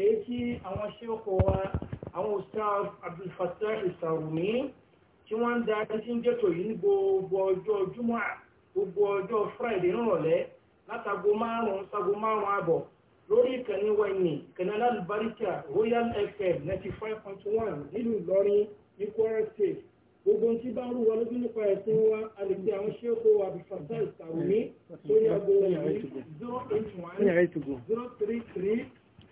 èyí tí àwọn ṣéèkò wa àwọn ustaz abdulfatah ìsàrùmí tí wọ́n ń da títí ń jẹ́tò yìí ní gbogbo ọjọ́ júmọ́ gbogbo ọjọ́ friday nírọ̀lẹ́ látago márùn-ún sago márùn-ún àbọ̀ lórí ìkànnì wẹ̀nyí ìkànnì alábàríkà royal fm ninety five point one nílùú ìlọrin ní kwara state gbogbo ohun tí bá ń rú wa lójú nípa ẹ̀sìn wa a lè gbé àwọn ṣéèkó abdulfatah ìsàrùmí lórí ago yìí zero eight one zero three three.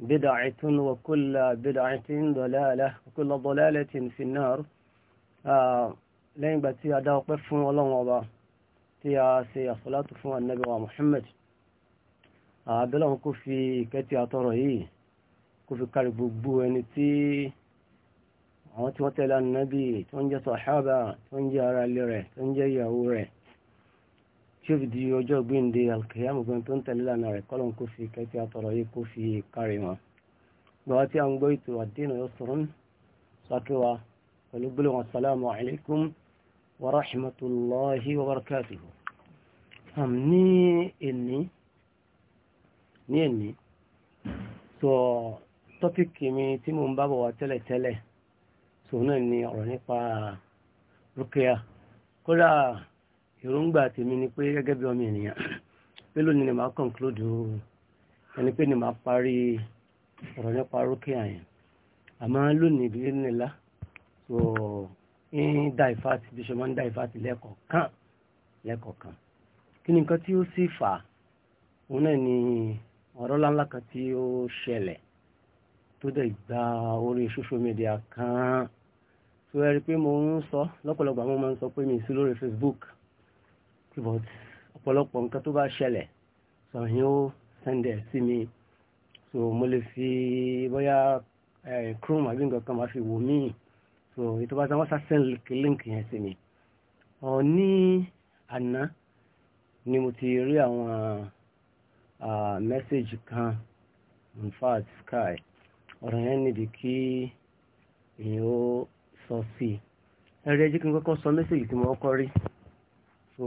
بدعة وكل بدعة ضلالة وكل ضلالة في النار لين باتي أدا وقف والله وضع تيا سي صلاة فون النبي محمد أبلغ كفي كتي أطرهي كفي كاربوبو يعني تي àwọn tí wọ́n tẹ̀lé ànábì tó ń jẹ́ sọ̀hábà tó ń tí ó fi di ọjọ́ gbéǹde alkiyama gbọ́n tó ń tẹ̀lé lánàá rẹ̀ kọ́lọ́n kó fi kẹ́kí àtọ̀rọ̀ yìí kó fi kárí wọn. gbọ́n tí a ń gbọ́ ètò ad-din yusrun sákíwa pẹ̀lú gbólóhùn assalamu alaikum wa rahmatulahi wa barakatuhu. ní èní ní èní sọ tọ́pìkì mi tí mo ń bá bọ̀ wá tẹ́lẹ̀tẹ́lẹ̀ sọ náà ni ọ̀rọ̀ nípa rúkìá kódà èròǹgbà tèmi ni pé gẹ́gẹ́ bí ọmọ ènìyàn pé lónìí ni màá conclude o ẹni pé ni màá parí ọ̀rọ̀ nípa rókè àyàn àmọ́ lónìí ìdílé nílá so ń dá ìfàtì bí ṣe máa ń dá ìfàtì lẹ́kọ̀ọ̀kan lẹ́kọ̀ọ̀kan kí ni nǹkan tí ó sì fà á òun náà ni ọ̀rọ̀ láńlá kan tí ó ṣẹlẹ̀ tó dẹ̀ gba orí social media kan tó ẹ rí i pé mo ń sọ lọ́pọ̀lọpọ̀ àwọn ọmọ ń sọ pé mi sí lórí Facebook but ọ̀pọ̀lọpọ̀ nǹkan tó bá ṣẹlẹ̀ sọ̀rọ̀ yín ó sẹ́ndẹ̀ sí mi so mo lè fi bóyá chrome àbí nǹkan kan máa fi wò mí so ètò bá sáwọn sásẹ́n link yẹn sí mi ọ̀ ní àná ni mo ti rí àwọn mẹ́sẹ̀gì kan in sky ọ̀rọ̀ yẹn níbi kí èèyàn ó sọ sí i ẹ̀rí ẹjí kí n kọ́kọ́ sọ mẹ́sẹ̀gì tí mo kọ́kọ́ rí so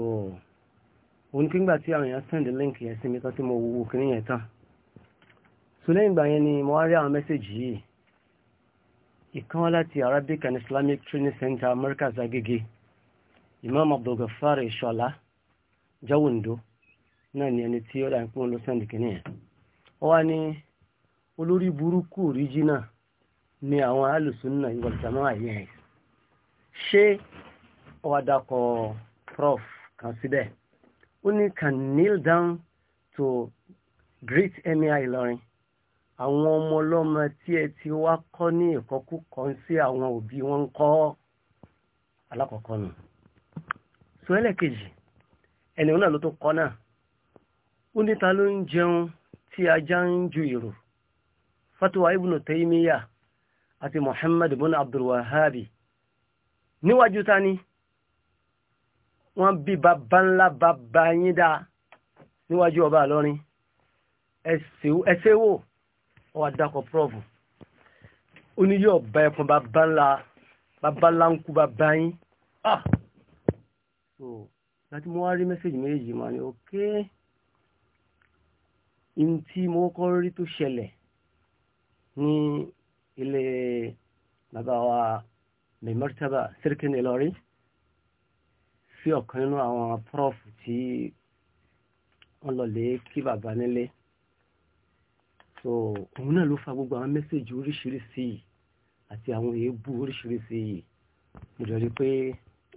òun kí ngbà tí àwọn èèyàn send link yẹn sí mi tán tí mo wo kìíní yẹn tán so lẹ́yìn ìgbà yẹn ni mo wá rí àwọn mẹ́sẹ̀jì yìí ìkan láti Arabic and Islamic Training Center America Agege Imam Abdulgafar Ishola Jawindo náà ni ẹni tí ó dà ń pín ló send kìíní yẹn ó wá ní olórí burúkú ríjínà ni àwọn alùsùnà ìwọ̀lùsàmọ́ àyẹ̀ ṣé ó prof kan síbẹ̀ ó ní can kneel down to greet emir Ìlọrin àwọn ọmọ ọlọ́mọ tí ẹ ti wá kọ́ ní ìkọ́kú kan sí àwọn òbí wọn ń kọ́ alákọ̀ọ́kọ́ nù so ẹlẹ́kejì ẹni òun náà ló tó kọ́ náà ó níta ló ń jẹun tí ajá ń ju èrò fatuwa ibùnú tẹ́yìmíyà àti Muhammad bin Abdul Wahabi níwájú ta ni. wajutani? wọ́n bí bàbá ńlá bàbá yín dáa níwájú ọba àlọ́rin ẹsẹ̀ wò ọwọ́ àdàkọ̀ prọ́fù ó ní yóò bá ẹkùn bàbá ńlá bàbá ńlá ń kú bàbá yín ah so láti mo wá rí mẹ́sẹ̀jì méjì mà ní òkè in tí mo kọ́ rí tó ṣẹlẹ̀ ní ilé bàbá wa mẹ́mọ́tàbà sírkìn Ìlọrin sí ọ̀kan nínú àwọn prof tí wọ́n lọ lè kí bàbá nílé so òun náà ló fa gbogbo àwọn mẹ́sẹ̀jì oríṣiríṣi yìí àti àwọn èébú oríṣiríṣi yìí mo pé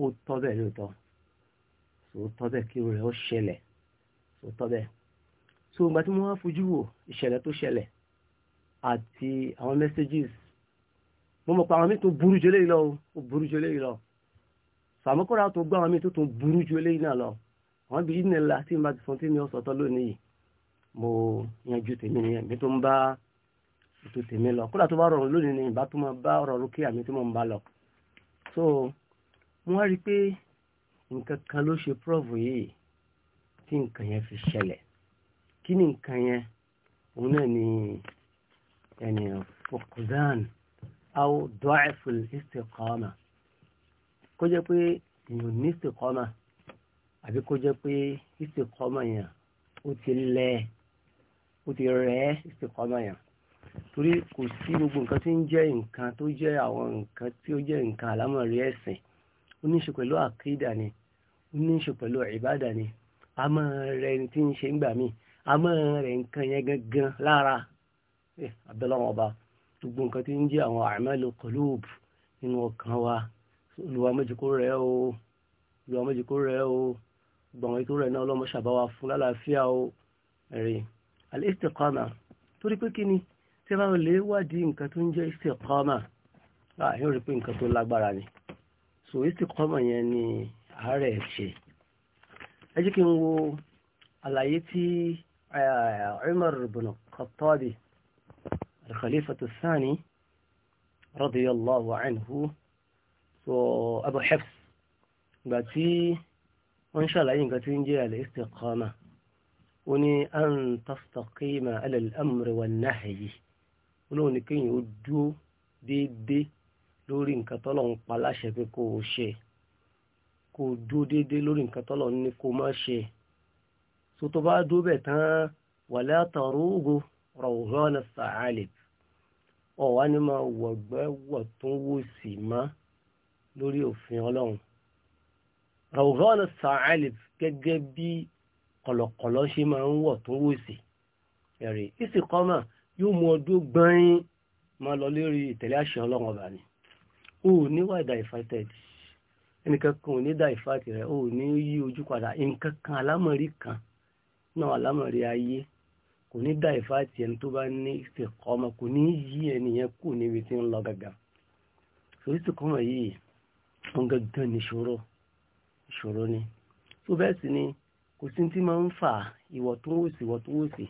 ó tọ́ bẹ́ẹ̀ lóòótọ́ so ó tọ́ bẹ́ẹ̀ kí irú rẹ̀ ó ṣẹlẹ̀ so ó tọ́ bẹ́ẹ̀ so ìgbà tí mo wá fojú wò ìṣẹ̀lẹ̀ tó ṣẹlẹ̀ àti àwọn mẹ́sẹ̀jì mo mọ̀ pé àwọn mi tó burú jọ léyìí lọ burú jọ léyìí sàmúkọ́ra tó gbá àwọn míì tó tún burú ju eléyìí náà lọ àwọn bíi ní ẹ̀la tí n bá ti sọ tí mi ò sọ̀tọ̀ lónìí yìí mo yanjú tèmi nìyẹn mi tó ń bá ètò tèmi lọ kódà tó bá rọrùn lónìí ni ìbá tó máa bá ọ̀rọ̀ rúkè àmì tí mo ń bá lọ. so mo wá rí i pé nǹkan kan ló ṣe prof yìí tí nǹkan yẹn fi ṣẹlẹ̀ kí ni nǹkan yẹn òun náà ni ẹni fokuzan aw dọ́ọ̀fù istiqama kó jẹ́ pé èèyàn ní ìsìnkọ́mà àbí kó jẹ́ pé ìsìnkọ́mà yẹn ó ti lẹ ó ti rẹ̀ ìsìnkọ́mà yẹn torí kò sí gbogbo nǹkan tí ń jẹ́ nǹkan tó jẹ́ àwọn nǹkan tí ó jẹ́ nǹkan àlámọ̀rí ẹ̀sìn ó ní í ṣe pẹ̀lú àkídà ni ó ní í ṣe pẹ̀lú ìbádà ni a máa rẹ ẹni tí ń ṣe ń gbà míì a máa rẹ nǹkan yẹn gangan lára eh, abẹ́lọ́wọ́n ọba gbogbo nǹkan tí ń jẹ́ àwọn àmẹ́lò kọlóòbù nínú ọkàn wa olùwà méjìkó rẹ̀ o olùwà méjìkó rẹ̀ o gbọ̀ngàn ètò rẹ̀ náà ọlọ́mọ ṣàbáwá fún lálàáfíà o ẹ̀rìn al-istiqama torí pé kíni tí a bá lè wádìí nǹkan tó ń jẹ́ istiqama àyàn rí pé nǹkan tó lágbára ni so istiqama yẹn ni àárẹ̀ ṣe ẹ jẹ́ kí n wo àlàyé tí Umar ibn Khattabi al-Khalifatu Thani radiyallahu anhu so Abu Hafs ìgbà tí wọ́n ṣàlàyé nǹkan tí ń jẹ́ al-istiqama ó ní an tastaqima ala al-amri wan-nahyi olóhùn ní kéèyàn ó dúó déédéé lórí nǹkan tọ́lọ̀ ń pa láṣẹ pé kó o ṣe kó o dúó déédéé lórí nǹkan tọ́lọ̀ ní kó ṣe so tó bá dúó bẹ̀ tán wala tarugu rawhana sa'alib ọ̀wá ni máa wọ̀gbẹ́ wọ̀ tún máa lórí òfin ọlọ́run rọ̀gán sàálìf gẹ́gẹ́ bí kọ̀lọ̀kọ̀lọ̀ ṣe máa ń wọ̀ tó wò sí ẹ̀rí ìsìnkọ́mà yóò mú ọdún gbọ́nrín máa lọ lórí ìtẹ̀lé àṣẹ ọlọ́run ọba ni o ò níwà dàìfàtẹ̀d ẹnìkan kan ò ní dàìfàtì rẹ o ò ní yí ojú padà nǹkan kan alámọ̀rí kan náà alámọ̀rí ayé kò ní dàìfàtì ẹni tó bá ní ìsìnkọ́mà kò ní yí ẹnìyẹn kù níbi tí ń lọ gàgà so ìsìnkọ́mà yìí wọn gangan ní ìṣòro ìṣòro ni tó bẹ́ẹ̀ sì ni kò sí tí máa ń fà ìwọ̀ tó ń wòsì ìwọ̀ tó ń wòsì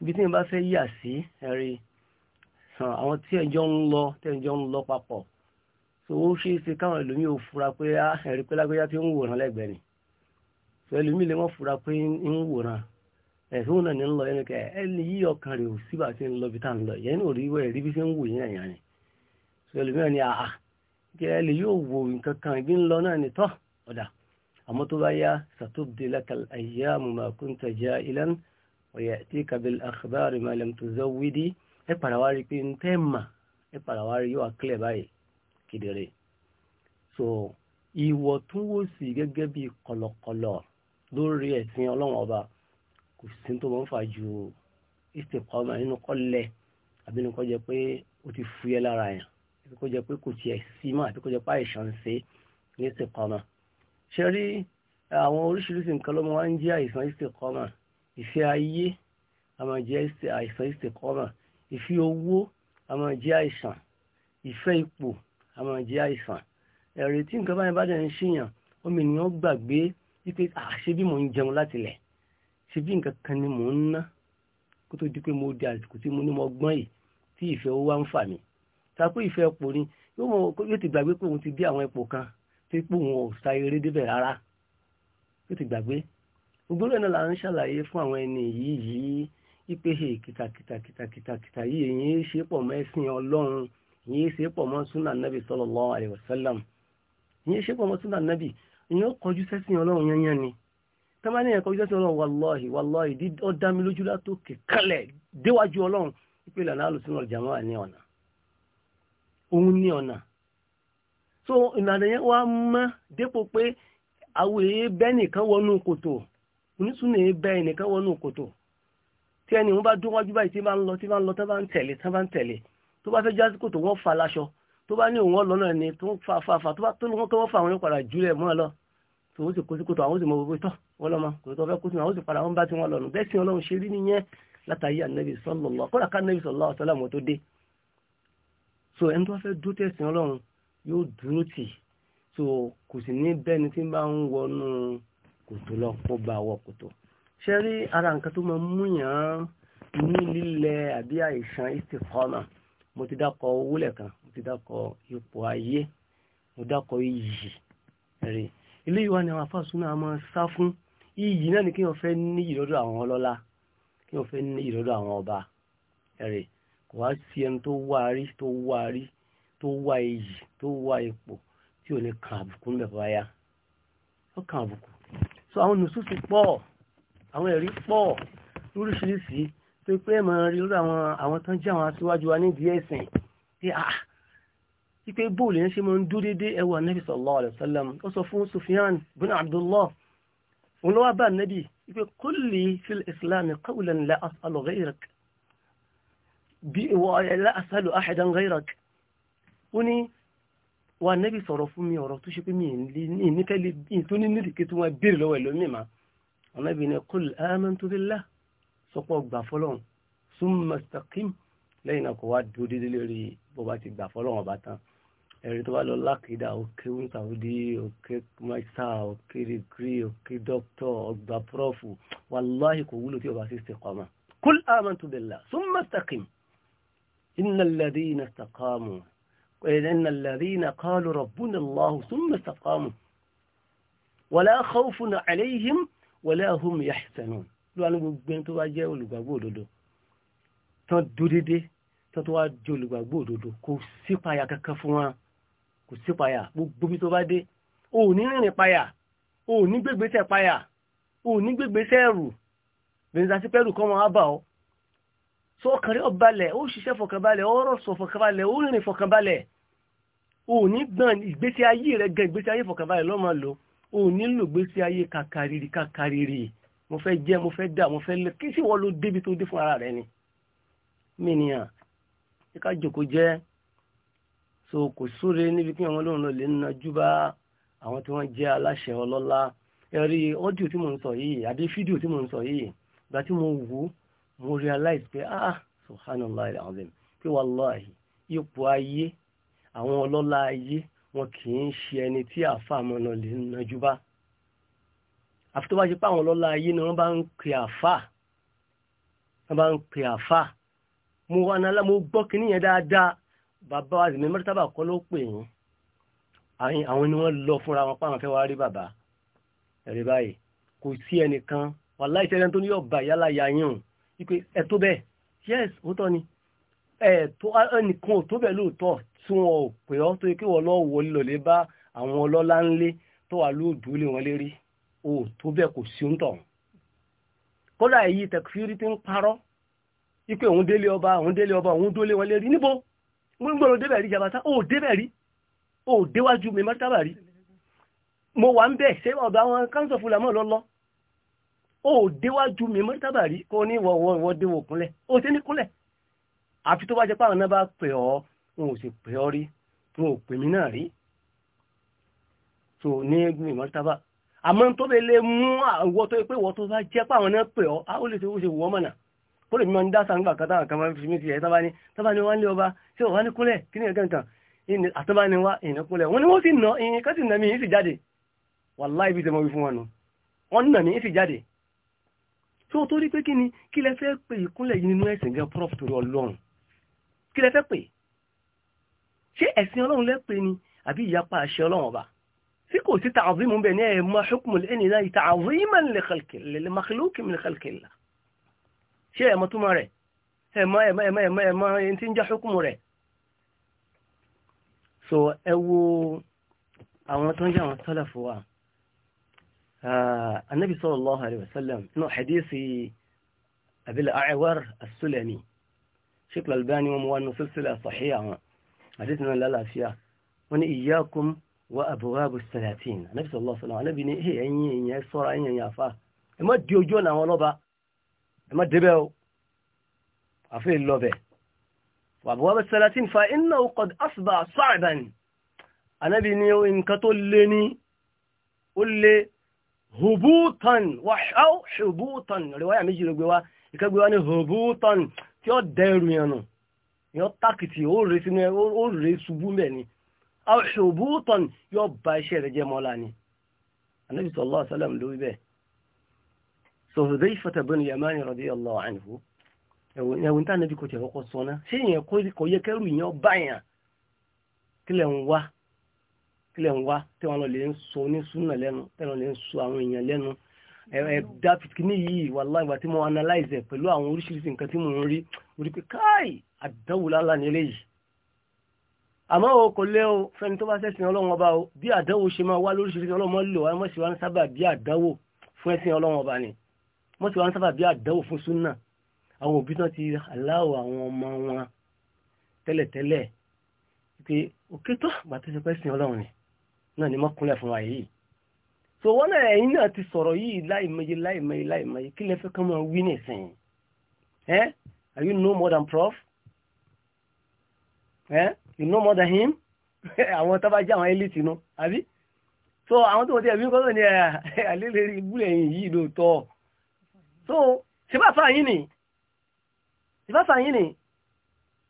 ibi tí yẹn bá fẹ́ yà sí ẹ̀rí àwọn tí ẹ̀jọ́ ń lọ tí ẹ̀jọ́ ń lọ papọ̀ so ó ṣe é ṣe káwọn ẹlòmíì ò fura pé á ẹ̀rí pé lágbéyà tí ń wòran lẹ́gbẹ̀ẹ́ ni so ẹlòmíì lè wọ́n fura pé ń wòran ẹ̀sùn náà ní ń lọ ẹnìkẹ́ ẹni yí ọkàn rẹ̀ ò síbà tí ń lọ bí tá ń lọ yẹn ní òrí wẹ̀ rí bí ṣe ń wò yẹn yẹn ni so ẹlòmíì ni àà gẹ́ẹ̀lì yóò wo nǹkan kan ìbí ń lọ náà ní tọ́ ọ̀dà àmọ́ tó bá yá satubdi laka al-ayyamu ma kunta jahilan wa ya'tika bil akhbari ma lam ẹ padà pé ń tẹ́ mà ẹ padà yóò àkílẹ̀ báyìí kedere so ìwọ̀ tún wò sí gẹ́gẹ́ bí kọ̀lọ̀kọ̀lọ̀ lórí ẹ̀sìn ọlọ́run ọba kò sí tó máa ń fà ju istiqama nínú kọ́ àbínú kọ́ jẹ pé ó ti fúyẹ́ lára yẹn àbí kó jẹ́ pé kò tiẹ̀ sí mọ́ àbí kó jẹ́ pé àìsàn ṣe ní ìsìnkọ́mọ̀ ṣe rí àwọn oríṣiríṣi nǹkan ló máa ń jẹ́ àìsàn ìsìnkọ́mọ̀ ìfẹ́ ayé a máa jẹ́ àìsàn ìsìnkọ́mọ̀ ìfẹ́ owó a máa jẹ́ àìsàn ìfẹ́ ipò a máa jẹ́ àìsàn ẹ̀rí tí nǹkan báyìí bá dẹ̀ ń ṣèyàn omi ènìyàn gbàgbé wípé àṣé bí mò ń jẹun látilẹ̀ ṣe bí nǹkan kan ni mò ń ná kó tó di pé mo di àsìkò tí mo ní mo gbọ́n yìí tí ìfẹ́ owó wá ń fà mí tako ìfẹ́ ọ̀pọ̀ ni yóò mọ̀ yóò ti gbàgbé pé òun ti dé àwọn ipò kan tí pé òun ò sa eré débẹ̀ rárá yóò ti gbàgbé gbogbo rẹ̀ náà là ń ṣàlàyé fún àwọn ẹni yìí yìí ipe he kìtàkìtàkìtàkìtà yìí èyí ń ṣe pọ̀ mọ́ ẹ̀sìn ọlọ́run èyí ń ṣe pọ̀ mọ́ súnà nàbì sallallahu alaihi wasallam èyí ń ṣe pọ̀ mọ́ súnà nàbì èyí ó kọjú sẹ́sìn ọlọ́run yányán ni tẹ́mání ẹ̀kọ́ jẹ́ sí ọlọ́run wàlọ́ọ̀hì wàlọ́ọ̀hì dídọ́ dámi lójú látòkè kalẹ̀ déwájú ọlọ́run ìpìlẹ̀ náà lùsùn ọ̀rọ̀ jàmọ́ òun ní ọ̀nà so ìlànà yẹn wá mọ́ dépò pé àwọn èèyàn bẹ́ẹ̀ nìkan wọnú kòtò onísùnà èèyàn bẹ́ẹ̀ nìkan wọnú kòtò tí ẹni wọn bá dún wájú báyìí tí bá ń lọ tí bá ń lọ tí bá ń tẹ̀lé tí bá ń tẹ̀lé tó bá fẹ́ jásí kòtò wọ́n fa láṣọ tó bá ní òun ọlọ́nà ẹni tó ń fa fa fa tó bá tó ní wọ́n kọ́ wọ́n fa àwọn yẹn padà jùlẹ̀ mọ́ lọ tó wọ́n sì kó sí kòtò àwọn sì mọ gbogbo tọ́ wọ́n lọ́mọ kòtò fẹ́ kó sí àwọn sì padà wọ́n bá ti wọn lọ́nu bẹ́ẹ̀ sì ọlọ́run ṣe rí nìyẹn látàrí ànábì sallallahu kọ́ra ká ànábì sallallahu alaihi wasallam tó dé so ẹni tó fẹ́ dúró tẹ̀sìn ọlọ́run yóò dúró tì so kò sì ní bẹ́ni tí ń bá ń wọnú kòtò lọ kó bá wọ kòtò ṣe rí ara nǹkan tó máa mú yàn án ní lílẹ̀ àbí àìsàn istiqama mo ti dákọ̀ owó lẹ́kan mo ti dákọ̀ ipò ayé mo dákọ̀ iyì rí ilé ìwà ni àwọn afásúná máa sá fún iyì náà ni kí wọ́n fẹ́ ní ìrọ́dọ̀ àwọn ọlọ́lá kí wọ́n fẹ́ ní ìrọ́dọ̀ àwọn ọba rí wàá sí ẹni tó wá rí tó wá rí tó wá iyì tó wá ipò tí ò ní kan àbùkù ń bẹ̀bọ̀ ya ó kan àbùkù so àwọn nùsùsù pọ̀ àwọn ẹ̀rí pọ̀ lóríṣiríṣi tó pé ẹ̀ máa rí lórí àwọn àwọn tó ń jẹ́ àwọn aṣíwájú wa nídìí ẹ̀sìn pé ah ipe bóòlù yẹn ṣe máa ń dúró dédé ẹwà nẹ́bí sallallahu alaihi ó sọ fún Sufyan bin Abdullah òun ló bá nẹ́bí ipe kulli fil islam qawlan la la asalu ahadan ghayrak ó ní wa nẹ́bí sọ̀rọ̀ fún mi ọ̀rọ̀ tó ṣe pé mi nífẹ̀ẹ́ tó ní nídìí kí tó wọ́n béèrè lọ́wọ́ ẹlòmíì mà ọ̀nàbí ni kul amantu billah sọ́pọ̀ gbà fọlọ́run summa istaqim lẹ́yìn náà kò wá dúró dédé lórí bó bá ti gbà fọlọ́run ọba tán ẹ̀rí tó bá lọ lákìdá òkè wíńtàwódì òkè mẹ́ta òkè rìgírì òkè dókítọ̀ ọgbà púrọ́fù wàláhì kò wúlò tí ọba sì ṣe kọ́ mà kul amantu billah summa istaqim innal ladhina istaqamu innal ladhina qalu rabbuna Allahu thumma istaqamu wala khawfun alayhim wala hum yahzanun ló wà ní gbogbo ẹni tó wá jẹ́ olùgbàgbọ́ òdodo tán dúdédé tán tó wá jẹ́ olùgbàgbọ́ òdodo kò sípayà kankan fún wa kò sípayà gbogbo bí tó bá dé o ò ní rìnrìn payà o ò ní gbégbésẹ̀ payà o ò ní gbégbésẹ̀ ẹ̀rù bẹ̀rẹ̀ sí pẹ́rù kọ́ wọn á bà ọ́ so ọkàn rẹ ó balẹ̀ ó ṣiṣẹ́ fọkànbalẹ̀ ó rọ̀sọ̀ fọkànbalẹ̀ ó rìnrìn fọkànbalẹ̀ ò ní gbọ́n ìgbésí ayé rẹ gan ìgbésí ayé fọkànbalẹ̀ lọ́mọ lò ò nílò ìgbésí ayé kàkàrìrì kàkàrìrì mo fẹ́ jẹ́ mo fẹ́ dà mo fẹ́ lẹ kí sì wọ́n ló débi tó dé fún ara rẹ ni mí nìyàn ẹ ká jòkó jẹ́ so kò súre níbi kí àwọn olóhùn lè na júbà àwọn tí wọ́n jẹ́ aláṣẹ ọlọ́lá ẹ̀rí ọ́díò tí mo ń sọ yìí àbí fídíò tí mo ń sọ yìí ìgbà tí mo wù ú mo realize pé ah, ah subhanallah alazim pé wàláhì ipò ayé àwọn ọlọ́lá ayé wọn kì í ṣe ẹni tí àfa àmọ́nà lè nájú bá àfi tó bá ṣe pé àwọn ọlọ́lá ayé ni wọ́n bá ń pè àfa wọ́n bá ń pè àfa mo wà náà mo gbọ́ kínní yẹn dáadáa bàbá wa zìmí mẹ́rẹ́ta bà kọ́ ló pè yín àwọn ni wọ́n lọ fúnra wọn pàwọn fẹ́ wá rí bàbá ẹ̀rí báyìí kò sí ẹnìkan wàláhì tẹ́lẹ̀ tó ní ọ̀bà yálà yà yín o wípé ẹ bẹ́ẹ̀ yes òótọ́ ni ẹ̀ẹ̀tọ́ ẹnìkan ò tó bẹ́ẹ̀ lóòótọ́ tí wọn ò pè ọ́ tó yẹ kí wọ́n lọ wọ lílọ̀lẹ́ bá àwọn ọlọ́lá ńlé tó wà lóòdù lé wọn lérí ò tó bẹ́ẹ̀ kò sí ń tọ̀hún. kódà èyí tẹkifírí ti ń parọ́ wípé òun délé ọba òun délé ọba òun dólé wọn lérí níbo mo ń gbọ́dọ̀ débẹ̀ rí jabata ó débẹ̀ rí ó déwájú mi mọ́tàbà rí mo wà ń bẹ̀ ṣé ọ̀dọ̀ àwọn council of lọ́lọ́ ó déwájú mi mọ́tàbà rí kó ní ìwọ̀wọ̀ déwò kúnlẹ̀ ó ṣe ní kúnlẹ̀ àfi tó bá jẹ́ páwọn náà bá pè ọ́ wọn ò sì pè ọ́ rí wọn ò pè mí náà rí tó ní egun ìmọ̀tàbà àmọ́ tó bẹ lè mú àwọ tó pé wọ́n tó bá jẹ́ páwọn náà pè ọ́ á ó lè ṣe ó ṣe wọ́ mọ̀nà ó lè mímọ́ ń dá sàǹgbà kátà kan máa fi mí ti ẹ̀ tábà ní tábà ní wọ́n lé ọba ṣé wọ́n ní kúnlẹ̀ kí ni ẹ̀gẹ́ nǹkan àtọ́bá ni wá ìnákúnlẹ̀ wọ́n ni wọ́n sì nà ìyìn kásì nà mí ìsì jáde wàláì bí tẹmọ́ wí fún wọn nù wọ́n nà mí ìsì jáde tó torí pé kí ni kí lẹ fẹ́ pè ìkúnlẹ̀ yìí nínú ẹ̀sìn gan prof torí ọlọ́run kí lẹ fẹ́ pè ṣé ẹ̀sìn ọlọ́run lẹ pè ni àbí ìyapa àṣẹ ọlọ́run ọba tí kò sí ta'zim ń bẹ ní ẹ̀ máa hukmu ẹni náà ta'ziman li khalqi li makhluqi min khalqillah ṣé ẹ̀mọ́ túmọ̀ rẹ̀ ẹ̀mọ́ ẹ̀mọ́ ẹ̀mọ́ ẹ̀mọ́ ẹ̀mọ́ ẹni tí ń já hukmu rẹ̀ so ẹ wo àwọn tó ń jẹ́ àwọn sálàfù wa النبي صلى الله عليه وسلم إنه حديث أبي الأعور السلمي شكل الباني وموانو سلسلة صحيحة حديثنا لا لا فيها ون وأبواب السلاطين النبي صلى الله عليه وسلم النبي هي أي أي صورة أي يا فا إما ديوجونا ولوبا إما دبو أفي اللوبة وأبواب السلاطين فإنه قد أصبح صعبا أنا نيو إن كتلني قل لي hubutan wàhálà hubutan rẹwàyà méjì ló gbé wá ìkẹgbẹ́ wá ní hubutan tí ó dẹrù yẹn nù yọ tákìtì ó rè sínú ẹ ó rè ṣubú mẹ ni hubutan yọ ba iṣẹ́ rẹ̀ jẹ́ mọ́lá ni anabi sallallahu alaihi wasallam ló wí bẹ́ẹ̀ so Hudhayfah bin Yamani radiyallahu anhu ẹ̀wọ̀n tí kílẹ̀ ń wá tí wọ́n lè ń sọ ní súnà lẹ́nu tẹ́lọ lè ń sọ àwọn èèyàn lẹ́nu ẹ̀dá fìtìkíní yìí wallahi ìgbà tí mo analyze ẹ̀ pẹ̀lú àwọn oríṣiríṣi nǹkan tí mo ń rí mo rí pé káì àdánwò lálá ní eléyìí àmọ́ o kò lé o fẹ́ni tó bá sẹ́sìn ọlọ́run ọba o bí àdánwò ṣe máa wá lóríṣiríṣi ọlọ́run lò wá mọ̀ wa sábà bí àdánwò fún ẹ̀sìn ni mọ̀ sí wa ń sábà bí àdánwò fún súnà àwọn òbí tán ti aláwọ̀ àwọn ọmọ wọn tẹ́lẹ̀tẹ́lẹ̀ pé òkè ọlọ́run ni náà ni mọ́kúnlẹ̀ fún wa yìí so wọ́n náà ẹ̀yin náà ti sọ̀rọ̀ yìí láìmọye láìmọye láìmọye kí lẹ fẹ́ kán máa wí nìsín ẹ́ are you no more than prof ẹ́ you no more than him àwọn tó bá jẹ́ àwọn elite nu àbí so àwọn tó wọ́n ti ẹ̀mí kọ́ ní àlélẹ́rí ìbúlẹ̀ yìí lóòótọ́ so ṣèbáfà yín ni ṣèbáfà yín ni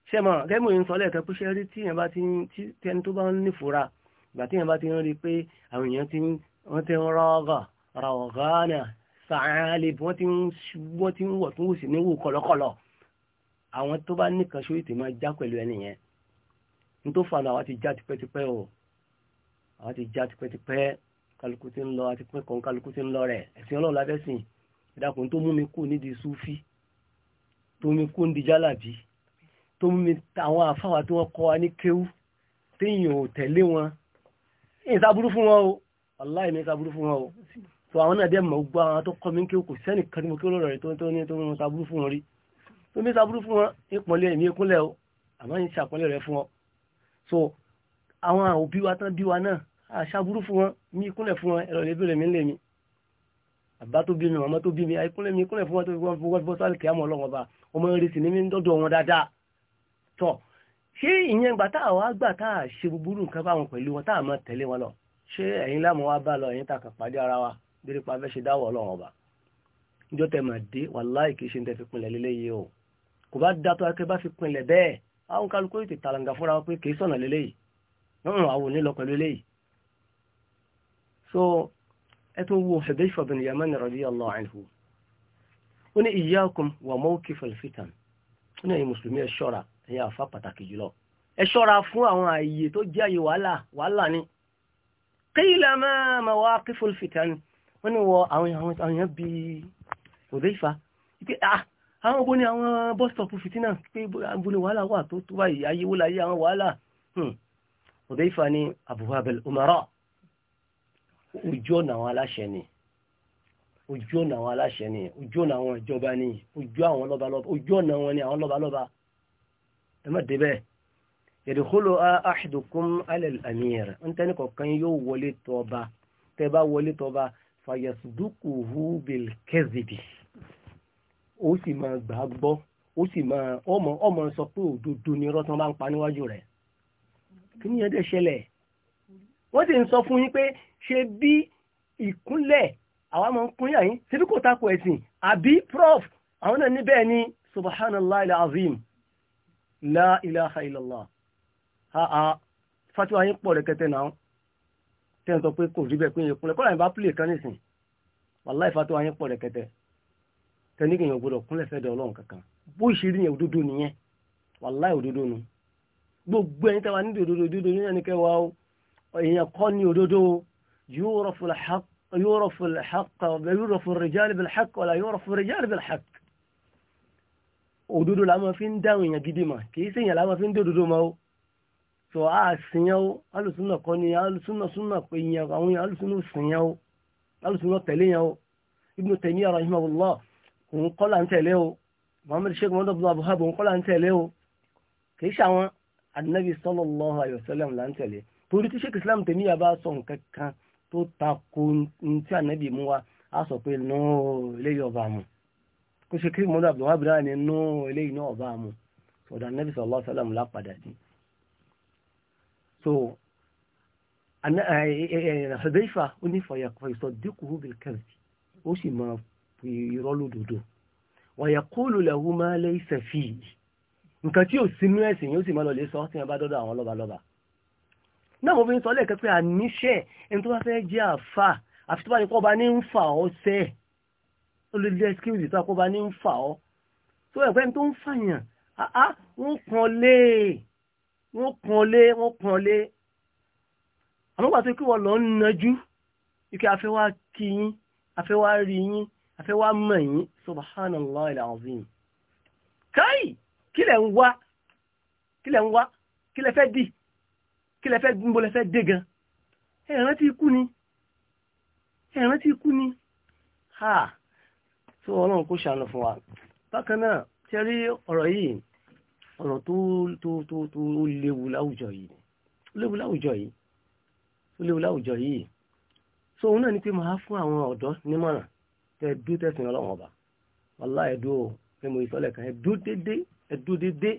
ṣe mọ̀ gẹ́gẹ́ mò ń sọ lẹ́ẹ̀kan pé ṣe rí tí ẹni tó bá ń nífura ìgbà tí yẹn bá ti ń rí pé àwọn èèyàn ti wọ́n ti ń rọ́gà rọ̀gánà sàálì wọ́n ti ń wọ́n ti ń wọ̀ tó wù sí níwò kọ̀lọ̀kọ̀lọ̀ àwọn tó bá nìkan ṣó ìtì máa já pẹ̀lú ẹni yẹn n tó fa àwọn ti já tipẹ́tipẹ́ o àwọn ti já tipẹ́tipẹ́ kálukú ti ń lọ àti pẹ́ kan kálukú ti ń lọ rẹ̀ ẹ̀sìn ọlọ́run lábẹ́sìn ìdàkùn tó mú mi kú nídìí súfì tó mú mi kú nídìí jálàbí tó mú mi àwọn àfáwà tí wọ́n kọ́ wa ní kéwú téèyàn ò tẹ̀lé wọn ìsàbúrú fún wọn o aláì mi ìsàbúrú fún wọn o tó àwọn náà dẹ́ mọ̀ gbọ́ àwọn tó kọ́ mi kí o kò sẹ́nì kan ní mo kí lọ́rọ̀ rẹ̀ tó tó ní tó ń mú ìsàbúrú fún wọn rí tó mi ìsàbúrú fún wọn ìpọ̀nlẹ̀ èmi ìkúnlẹ̀ o àmọ́ ń ṣàpọ̀nlẹ̀ rẹ̀ fún wọn so àwọn òbí wa tán bí wa náà àṣàbúrú fún wọn mi ìkúnlẹ̀ fún wọn ẹ̀rọ lè bèrè mi ń lè mi àbá tó bí mi màmá tó bí mi àìkúnlẹ̀ mi ìkúnlẹ̀ fún wọn tó fi wọ́n fi bọ́ sálì kìámọ̀ ọlọ́wọ́n ọba ọmọ rẹ̀ ní mi ń dọ́dọ̀ wọn dáadáa tọ́ ṣé ìyẹn gbà tá àwọn àgbà tá a ṣe búburú nǹkan báwọn pẹ̀lú wọn tá a máa tẹ̀lé wọn lọ ṣé ẹ̀yin láàmú wa bá lọ ẹ̀yin tàkà pàdé ara wa dérí pa fẹ́ ṣe dáwọ̀ ọlọ́run ọba níjọ́ tẹ mà dé wàláì kìí ṣe ń tẹ́ pinlẹ̀ lélẹ́yìí o kò bá da tó akẹ́ bá fi pinlẹ̀ bẹ́ẹ̀ àwọn kálukú ètò ìtàlàǹgà fúnra wọn pé kìí sọ̀nà lélẹ́yìí náà àwọn onílọ so ẹ tún wo Hudhayfa bin Yaman radiyallahu anhu ó ní iyyakum wa mawqif al-fitan ẹ̀yà àfa pàtàkì jùlọ ẹ ṣọ́ra fún àwọn ààyè tó jẹ́ ààyè wàhálà wàhálà ni kéyìlá máa ma wá kífò fìtánì wọ́n ní wọ àwọn èèyàn bí òde ìfà pé àwọn obo ni àwọn bọ́stọ̀pù fìtínà pé abo ni wàhálà wà tó tó báyìí ayéwó láyé àwọn wàhálà òde hmm. ìfà ni abuhabel umara ojú ọ̀nà àwọn aláṣẹ ni ojú ọ̀nà àwọn aláṣẹ ni ojú ọ̀nà àwọn ìjọba ni ojú ọ̀nà àwọn lọ́balọ́ba ẹ má débẹ̀ yẹ̀dùkúlò ahadukum alal amir ń tẹ́ni kọ̀ọ̀kan yóò wọlé tọba tẹ́ bá wọlé tọba fayasdukuhu bil kezibi ó sì máa gbà gbọ́ ó sì máa ọmọ ọmọ sọ pé òdodo ni irọ́ tán bá ń pa níwájú rẹ̀ kí ni ẹ̀dẹ̀ ṣẹlẹ̀ wọ́n ti ń sọ fún yín pé ṣe bí ìkúnlẹ̀ àwọn ọmọ kúnyà yín síbí kò tako ẹ̀sìn àbí prof àwọn náà níbẹ̀ ni subhanallah alazim la ilaha illallah ha fatiwa yín pọ̀ rẹ̀kẹ́tẹ́ náà tẹ́ ń sọ pé kò rí bẹ́ẹ̀ pé yín kúnlẹ̀ kọ́lá yín bá pílè kan nísìn wàláì fatiwa yín pọ̀ rẹ̀kẹ́tẹ́ tẹ́ni kìyàn gbọdọ̀ kúnlẹ̀ fẹ́ dẹ ọlọ́run kankan bó ṣe rí yẹn òdodo nìyẹn wàláì òdodo nu gbogbo ẹni tẹ́wà nídìí òdodo òdodo ní ẹni kẹwa o èèyàn kọ́ ní òdodo yurafu al-haqq yurafu al-haqq òdodo la máa fi ń dáhùn èèyàn gidi mà kì í sí èèyàn la máa fi ń dé òdodo mọ́ o sọ á sìnyẹn o alùsùnà kọ́ ni alùsùnà súnà pé èèyàn àwọn èèyàn alùsùnà sìnyẹn o alùsùnà tẹ̀lé yẹn o Ibn Taymiyyah rahimahullah òun kọ́ là ń tẹ̀lé o Muhammad Sheikh Muhammad Abdul Wahhab òun kọ́ là ń tẹ̀lé o kì í ṣe àwọn anabi sallallahu alayhi wa sallam là ń tẹ̀lé torí tí Sheikh Islam Taymiyyah bá sọ nǹkan kan tó ta ko ní tí anabi mú wa á sọ pé nọ́ọ̀ eléyìí ọba mu kó ṣe kí mọ́dà bùnú àbúrà ní inú ilé iná ọba mu ọ̀dà nẹ́bí sallallahu alaihi lápadà sí. so Hudayfa ó ní fọyàkọ̀ yusaddiquhu bil kadhib ó sì máa fi irọ́ lódodo wa yaqulu lahu ma laysa fihi nǹkan tí ò sínú ẹ̀sìn yóò sì máa lọ lè sọ tí wọ́n bá dọ́dọ̀ àwọn lọ́balọ́ba náà mo fi ń sọ lẹ́ẹ̀kẹ́ pé àníṣe ẹni tó bá fẹ́ jẹ́ àfà àfi tó bá ní kọ́ ọba ní ń fà ọ́ sẹ́ẹ̀ ó lè jẹ́ skill tó akóbá ní ń fà ọ́ tó ẹ̀pẹ́ tó ń fàyàn àá wọ́n kàn lé wọ́n kàn lé wọ́n kàn lé àmọ́ pàtó kí wọ́n lọ ń najú ike afẹ́wá kí yín afẹ́wá rí yín afẹ́wá mọ̀ yín subhanallah alazim káì kí lẹ̀ ń wá kí lẹ̀ ń wá kí lẹ̀ fẹ́ dì kí lẹ̀ fẹ́ gbogbo lẹ̀ fẹ́ dé gan ẹ̀rántí ikú ni ẹ̀rántí ikú ni ha tí wọ́n náà kó ṣàánú fún wa bákan náà tí a rí ọ̀rọ̀ yìí ọ̀rọ̀ tó tó tó tó léwu láwùjọ yìí léwu láwùjọ yìí tó léwu láwùjọ yìí so òun náà ni pé máa fún àwọn ọ̀dọ́ nímọ̀ràn tẹ dú tẹ̀sìn ọlọ́run ọba wàlá ẹ̀dú o pé mo ìsọ̀lẹ̀ kan ẹ̀dú dédé ẹ̀dú dédé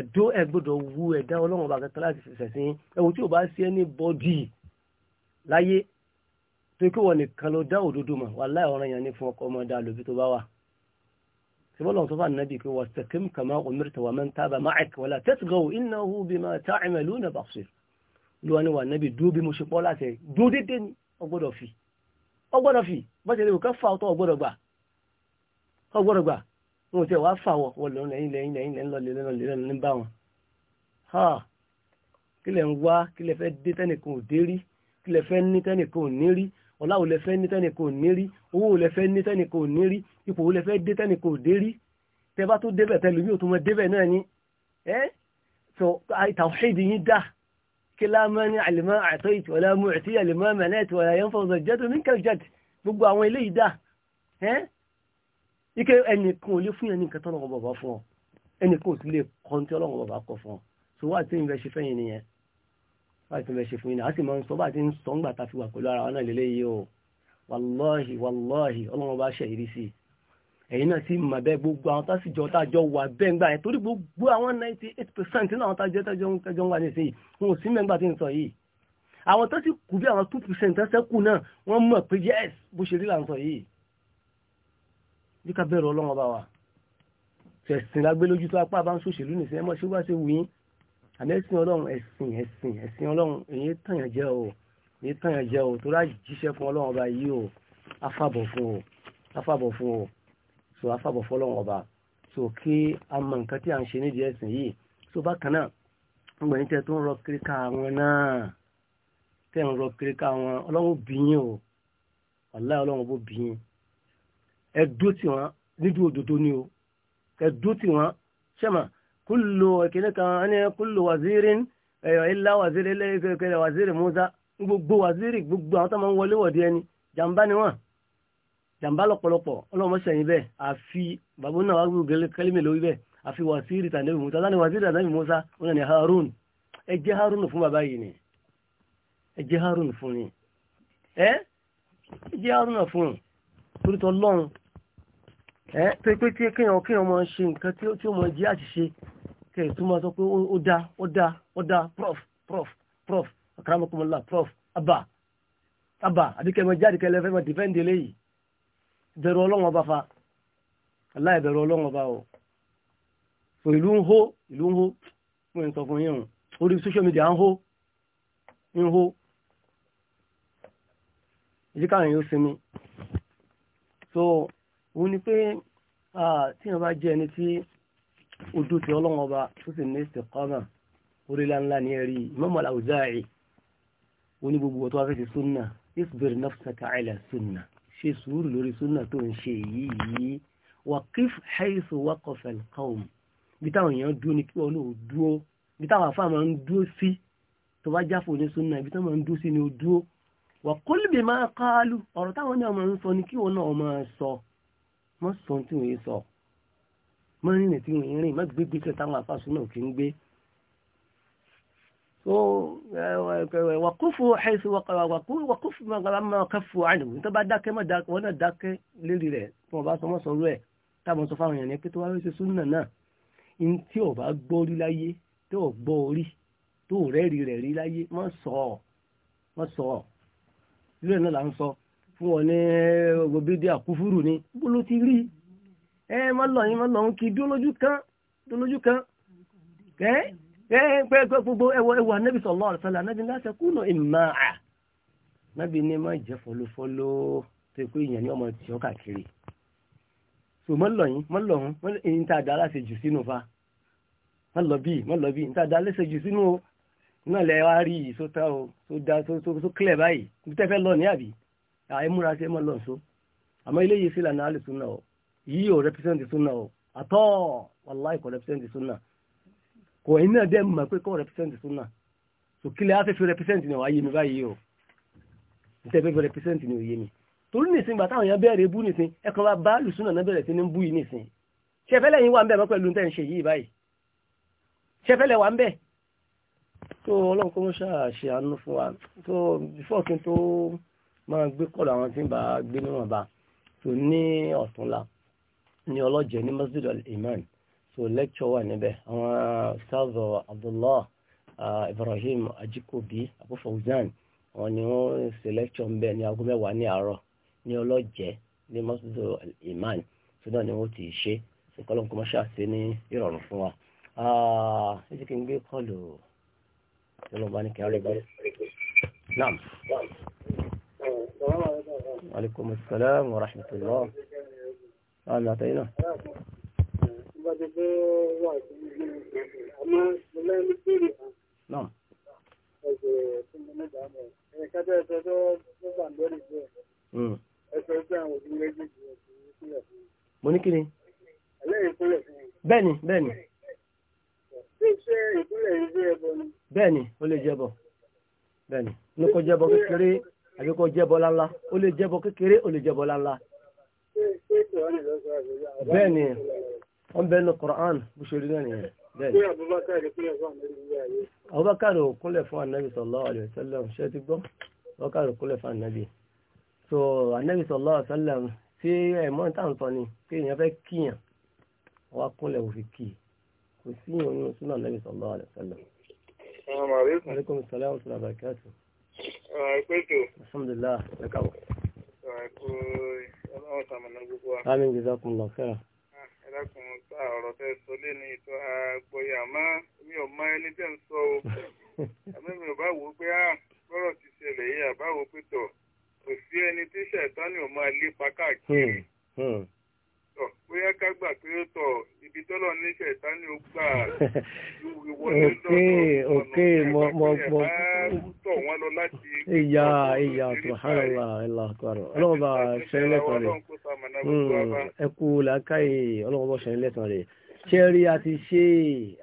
ẹ̀dú ẹ̀ gbọ́dọ̀ wú ẹ̀dá ọlọ́run ọba kẹta láti ṣẹ̀ṣẹ̀ sí ẹ̀wò tí ò bá sí ẹni bọ́dì láyé tó kí wọn nìkan ló dá òdodo mọ̀ wallahi ọ̀ràn yẹn ní fún ọkọ ọmọ dá lóbi tó bá wà síbọ̀lọ̀ tó fà nàbì pé wastaqim kama umirta wa man taba ma'ak wala tatghaw innahu bima ta'maluna basir ló wà ní wà nàbì dúró bí mo ṣe pọ́ láti dúró dédé ni ọgbọ́dọ̀ fi ọgbọ́dọ̀ fi bọ́sẹ̀ lè kọ́ fà ọ́tọ́ ọgbọ́dọ̀ gbà ọgbọ́dọ̀ gbà wọn tẹ wàá fà wọ wọn lọ lẹ́yìn lẹ́yìn lẹ́yìn lẹ́yìn lọ lẹ́yìn lọ lẹ́yìn lọ bá wọn. ha kí lẹ ń wá kí lẹ fẹ́ dé tẹ́nìkan ò dé rí kí lẹ fẹ́ ní tẹ́nìkan ò ní rí ọlá ò lẹ́fẹ́ ní tẹ́nì kò ní rí owó ò lẹ́fẹ́ ní tẹ́nì kò ní rí ipò ò lẹ́fẹ́ dé tẹ́nì kò dé rí tẹ́ bá tó débẹ̀ tẹ́lu yóò tó mọ débẹ̀ náà ni ẹ́ sọ tawhid yín dá kí lámání àlìmọ́ àtọ́ ìtì ọ̀lá mú ẹ̀tí àlìmọ́ mẹ́lẹ́tì ọ̀lá yẹn fọwọ́ jẹ́tù ní kẹjẹt gbogbo àwọn ilé yìí dá ẹ́ ike ẹnìkan ò lè fún yẹn tọ́lọ́wọ́ bàbá fún ọ ẹnìkan ò sì lè kọ́ ní tí ọlọ́wọ́ bàbá kọ fún ọ sọ wá àti ìrẹsì fẹ́yìn nìyẹn láti fẹ́ ṣe fún yín náà a sì máa ń sọ bá ti ń sọ ń gbà ta fi wà pẹ̀lú ara wa náà lélẹ́ yìí o wàláhì wàláhì ọlọ́run bá ṣe ìrísí ẹ̀yin náà sì mà bẹ́ẹ̀ gbogbo àwọn tásìjọ tájọ wà bẹ́ẹ̀ ń gbà yẹn torí gbogbo àwọn ninety eight percent náà àwọn tájọ tájọ ń wà ní wọn ò sí mẹ́ngbà tí ń sọ yìí àwọn tó sì kù bí àwọn two percent sẹ́kù náà wọ́n mọ̀ pé yes bó ṣe rí là ń sọ yìí bí ká bẹ̀rù ọlọ́run bá wa fẹ̀sìn lágbélójú tó apá bá ń ṣòṣèlú nìsín mọ̀ ṣé wá ṣe wù yín àmẹ́sìn ọlọ́run ẹ̀sìn ẹ̀sìn ẹ̀sìn ọlọ́run èyí tàyàn jẹ́ o èyí tàyàn jẹ́ o tó láti jíṣẹ́ fún ọlọ́run ọba yìí o afábọ̀ fún o afábọ̀ fún o so afábọ̀ fún ọlọ́run ọba so kí a mọ nǹkan tí a ń ṣe nídìí ẹ̀sìn yìí so bákan náà ń gbẹ̀yìn tẹ́ tó ń rọ kíríkà wọn náà tẹ́ ń rọ kíríkà wọn ọlọ́run bìyìn o wàláì ọlọ́run bó bìyìn ẹ dó nídìí òdodo ni o ẹ dó ṣẹ́mà kúlù ìkíní kan ẹni kúlù wàzírí ilá wàzírí ilé wàzírí musa gbogbo wàzírí gbogbo àwọn tó máa ń wọlé wọ̀dí ẹni jàǹbá ni wọ́n jàǹbá lọ́pọ̀lọpọ̀ ọlọ́mọ sẹ́yìn bẹ́ẹ̀ àfi bàbá náà wàá gbogbo kẹ́límì lórí bẹ́ẹ̀ àfi wàzírí tànẹ́bì musa tani wàzírí tànẹ́bì musa wọn ni harun ẹ jẹ́ harun fún bàbá yìí ni ẹ jẹ́ harun fún ni ẹ jẹ́ harun fún torítọ́ lọ́run ẹ pé pé kéèyàn kéèyàn máa ṣe nǹkan tí ó máa jẹ́ àṣìṣe kẹ́ ẹ̀ túmọ̀ sọ pé ó dá ó dá ó dá prof prof prof akaramakumala prof abba abba àbíkẹ́ mọ jáde kẹ́lẹ́ fẹ́ mọ dìfẹ́ǹdì eléyìí bẹ̀rù ọlọ́wọ́n ọba fa aláì bẹ̀rù ọlọ́wọ́n ọba o so ìlú ń hó ìlú ń hó mo ń sọ fún yín o orí social media ń hó ń hó èyí káwọn yóò sinmi so òun ni pé tíyẹn bá jẹ́ ẹni tí ojú ti ọlọ́run ọba tó sì ní istiqama orílẹ̀ ńlá ní ẹ̀rí Imam al-Awza'i oní gbogbo ọ̀tọ́ afẹ́ ti súnà isbir nafsaka ala súnà ṣe sùúrù lórí súnà tó ń ṣe yìí waqif haythu waqafa al-qawm bí táwọn èèyàn dúró ní kí wọn náà dúró bí táwọn afá máa ń dúró sí tó bá jáfò ní súnà ibi táwọn máa ń dúró sí ni ó dúró wa qul bima máa ń sọ ni kí wọn má rìnrìn tí wọ́n rìn má gbégbé kí táwọn afásun náà kì í gbé. so wàkúfù ẹ̀sìn wàkúfù máa kẹfù àìlù nítorí bá dákẹ́ má dákẹ́ wọ́n náà dákẹ́ lérí rẹ̀ tí wọ́n bá sọ mọ́ sọ́rọ́ ẹ̀ táwọn sọ fáwọn èèyàn ní pé tó wá rí ṣe súnà náà ní tí ò bá gbọ́ rí láyé tó ò gbọ́ orí tó ò rẹ́rìí rẹ̀ rí láyé má sọ ọ́ má sọ ọ́ ìrẹ́ náà là ń sọ fún wọn ẹ má lọ yín má lọ òun kì í dúró lójú kan dúró lójú kan ẹ ẹ pé gbogbo ẹwọ ẹwọ anabi sallallahu alaihi wasallam anabi ńlá sẹkú nù ìmáà anabi ní má jẹ fọlọfọlọ tó kó ìyẹn ní ọmọ tí ó káàkiri so má lọ yín má lọ òun má lọ èyí tá a dá aláṣẹ jù sínú fa má lọ bíi má lọ bíi ní tá a dá aláṣẹ jù sínú o náà lẹ wá rí yìí sótá o tó dá tó kílẹ̀ báyìí tẹ́fẹ́ lọ ní àbí àìmúra sí ẹ má lọ sọ àmọ́ ilé yìí sí lànà alùsùn náà o yìí ò rẹpísẹ́ǹtì súnà o àtọ́ wàláì kò rẹpísẹ́ǹtì súnà kò ẹ̀yin náà dẹ́ mọ̀ pé kò rẹpísẹ́ǹtì súnà so kílẹ̀ á fẹ́ fi rẹpísẹ́ǹtì ni wàá yé mi báyìí o níta ẹgbẹ́ fi rẹpísẹ́ǹtì ni ò mi torí nìsín gbà táwọn èèyàn bẹ̀rẹ̀ bú nìsín ẹ̀kan bá báàlù súnà náà bẹ̀rẹ̀ sí ní bú yìí nìsín ṣẹfẹ́lẹ̀ yín wà ń bẹ̀ mọ́ pẹ̀lú tẹ́ ń ṣe yìí báyìí ṣẹfẹ́lẹ̀ wà ń bẹ̀ tó ọlọ́run kó mọ́ ṣàṣe àánú fún wa tó bífọ́ kí n tó máa gbé kọ́lọ̀ àwọn tí ń bá gbé níwọ̀nba tó ní ọ̀túnla ní ọlọ́jẹ̀ ní masjid al-iman so lecture wà níbẹ̀ àwọn sáàzọ abdullah uh, ibrahim ajikobi abu fawzan àwọn ni wọ́n ṣe lecture ń bẹ̀ ní aago mẹ́wàá ní àárọ̀ ní ọlọ́jẹ̀ ní masjid al-iman so náà ni wọ́n ti ṣe so kọ́lọ́n kọ́ máṣá ṣe ní ìrọ̀rùn fún wa títí uh, kí n gbé kọ́ọ̀lù ìjọba ní kẹrin bá naam. Wa alaikum assalam wa rahmatullah àmì àtẹ́yìn náà. náà. Hmm. mo ní kí ni. bẹ́ẹ̀ni bẹ́ẹ̀ni. bẹ́ẹ̀ni ó lè jẹ́bọ̀ bẹ́ẹ̀ni ní kò jẹ́bọ̀ kékeré àbí kò jẹ́bọ̀ láńlá ó lè jẹ́bọ̀ kékeré ó lè jẹ́bọ̀ láńlá bẹ́ẹ̀ni wọ́n bẹ́ẹ̀ ní Qur'an bó ṣe rí náà nìyẹn bẹ́ẹ̀ni. Abubakar ò kúnlẹ̀ fún anabi sallallahu alayhi wa Abubakar ò fún anabi so anabi sallallahu alayhi wa sallam tí ẹ̀mọ́ tá à ń sọ ni pé èèyàn fẹ́ kíyàn wá kúnlẹ̀ òfin kì í kò sí ìyẹn nínú súnà anabi sallallahu alayhi wa sallam. Assalamu alaykum. Wa alaykum assalam wa rahmatullahi wa barakatuh. Amin jazakumullahu khairan. Ẹ dákun sá ọ̀rọ̀ tẹ́ sọ lé ní ìtọ́ àgbọ̀yà máa mi ò mọ ẹni tẹ́ ń sọ o. Àmì mi ò bá wò pé á bọ́rọ̀ ti ṣẹlẹ̀ yìí àbáwò pé tọ̀ kò sí ẹni tí ṣẹ̀tọ́ ni ò máa lépa káàkiri. Hmm, hmm tọ̀ bóyá ká gbà pé ó tọ̀ ibi tọ́lọ̀ ní ṣẹ̀tánì ó gbà ìwọlé lọ́dọ̀ ọ̀nà tọ̀ wọ́n lọ láti. ìyá ìyá subhanallah aláàkọ́rọ̀ ọlọ́run bá ṣẹlẹ̀ lẹ́tàn rẹ̀ mm, ẹ kú làákàyè ọlọ́run bá ṣẹlẹ̀ lẹ́tàn rẹ̀ ṣé rí àti ṣe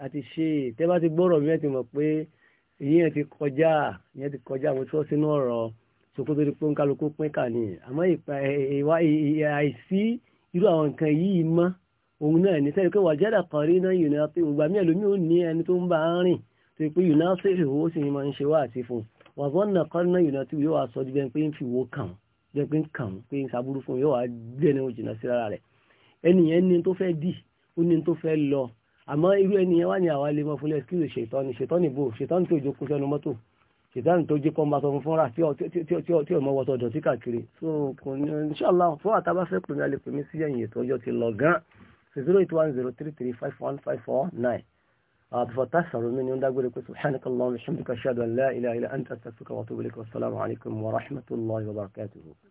àti ṣe tẹ́ bá ti gbọ́rọ̀ mi ẹ̀ ti mọ̀ pé ìyẹn ti kọjá ìyẹn ti kọjá irú àwọn nǹkan yìí mọ́ òun náà ní sẹ́yìn pé wàjẹ́dà kọ̀rí náà yìí náà pé ògbà míì lómi ò ní ẹni tó ń bá rìn tó pé yìí náà sèrè owó sì máa ń ṣe wá àti fún wàzọ́n náà kọ́rí náà yìí náà tí yóò wá sọ di bẹ́ẹ̀ pé ń fi wo kàn bẹ́ẹ̀ pé ń kàn pé ń saburú fún yóò wá gbẹ́ni òjìnà sí rárá rẹ̀ ẹnìyẹn ní tó fẹ́ dì ó ní tó fẹ́ lọ àmọ́ irú ẹnìyẹn wá ní àwa lè mọ ṣètàn tó jẹ́ kọ́ máa sọ fún fúnra tí ọmọ wọ́tọ̀ ọ̀dọ̀ sí káàkiri so kò ní inṣàlá fún àtàbá fẹ́ pè mí alẹ́ pè mí sí ẹ̀yìn ètò ọjọ́ ti lọ gan zero eight one zero three three five one five four nine àbúfọ̀ uh, tásàrò mi ni ó ń dágbére pé subhanaka Allahumma wa bihamdika ashhadu an la ilaha illa anta astaghfiruka wa atubu ilaik wa assalamu alaikum wa rahmatullahi wa barakatuhu.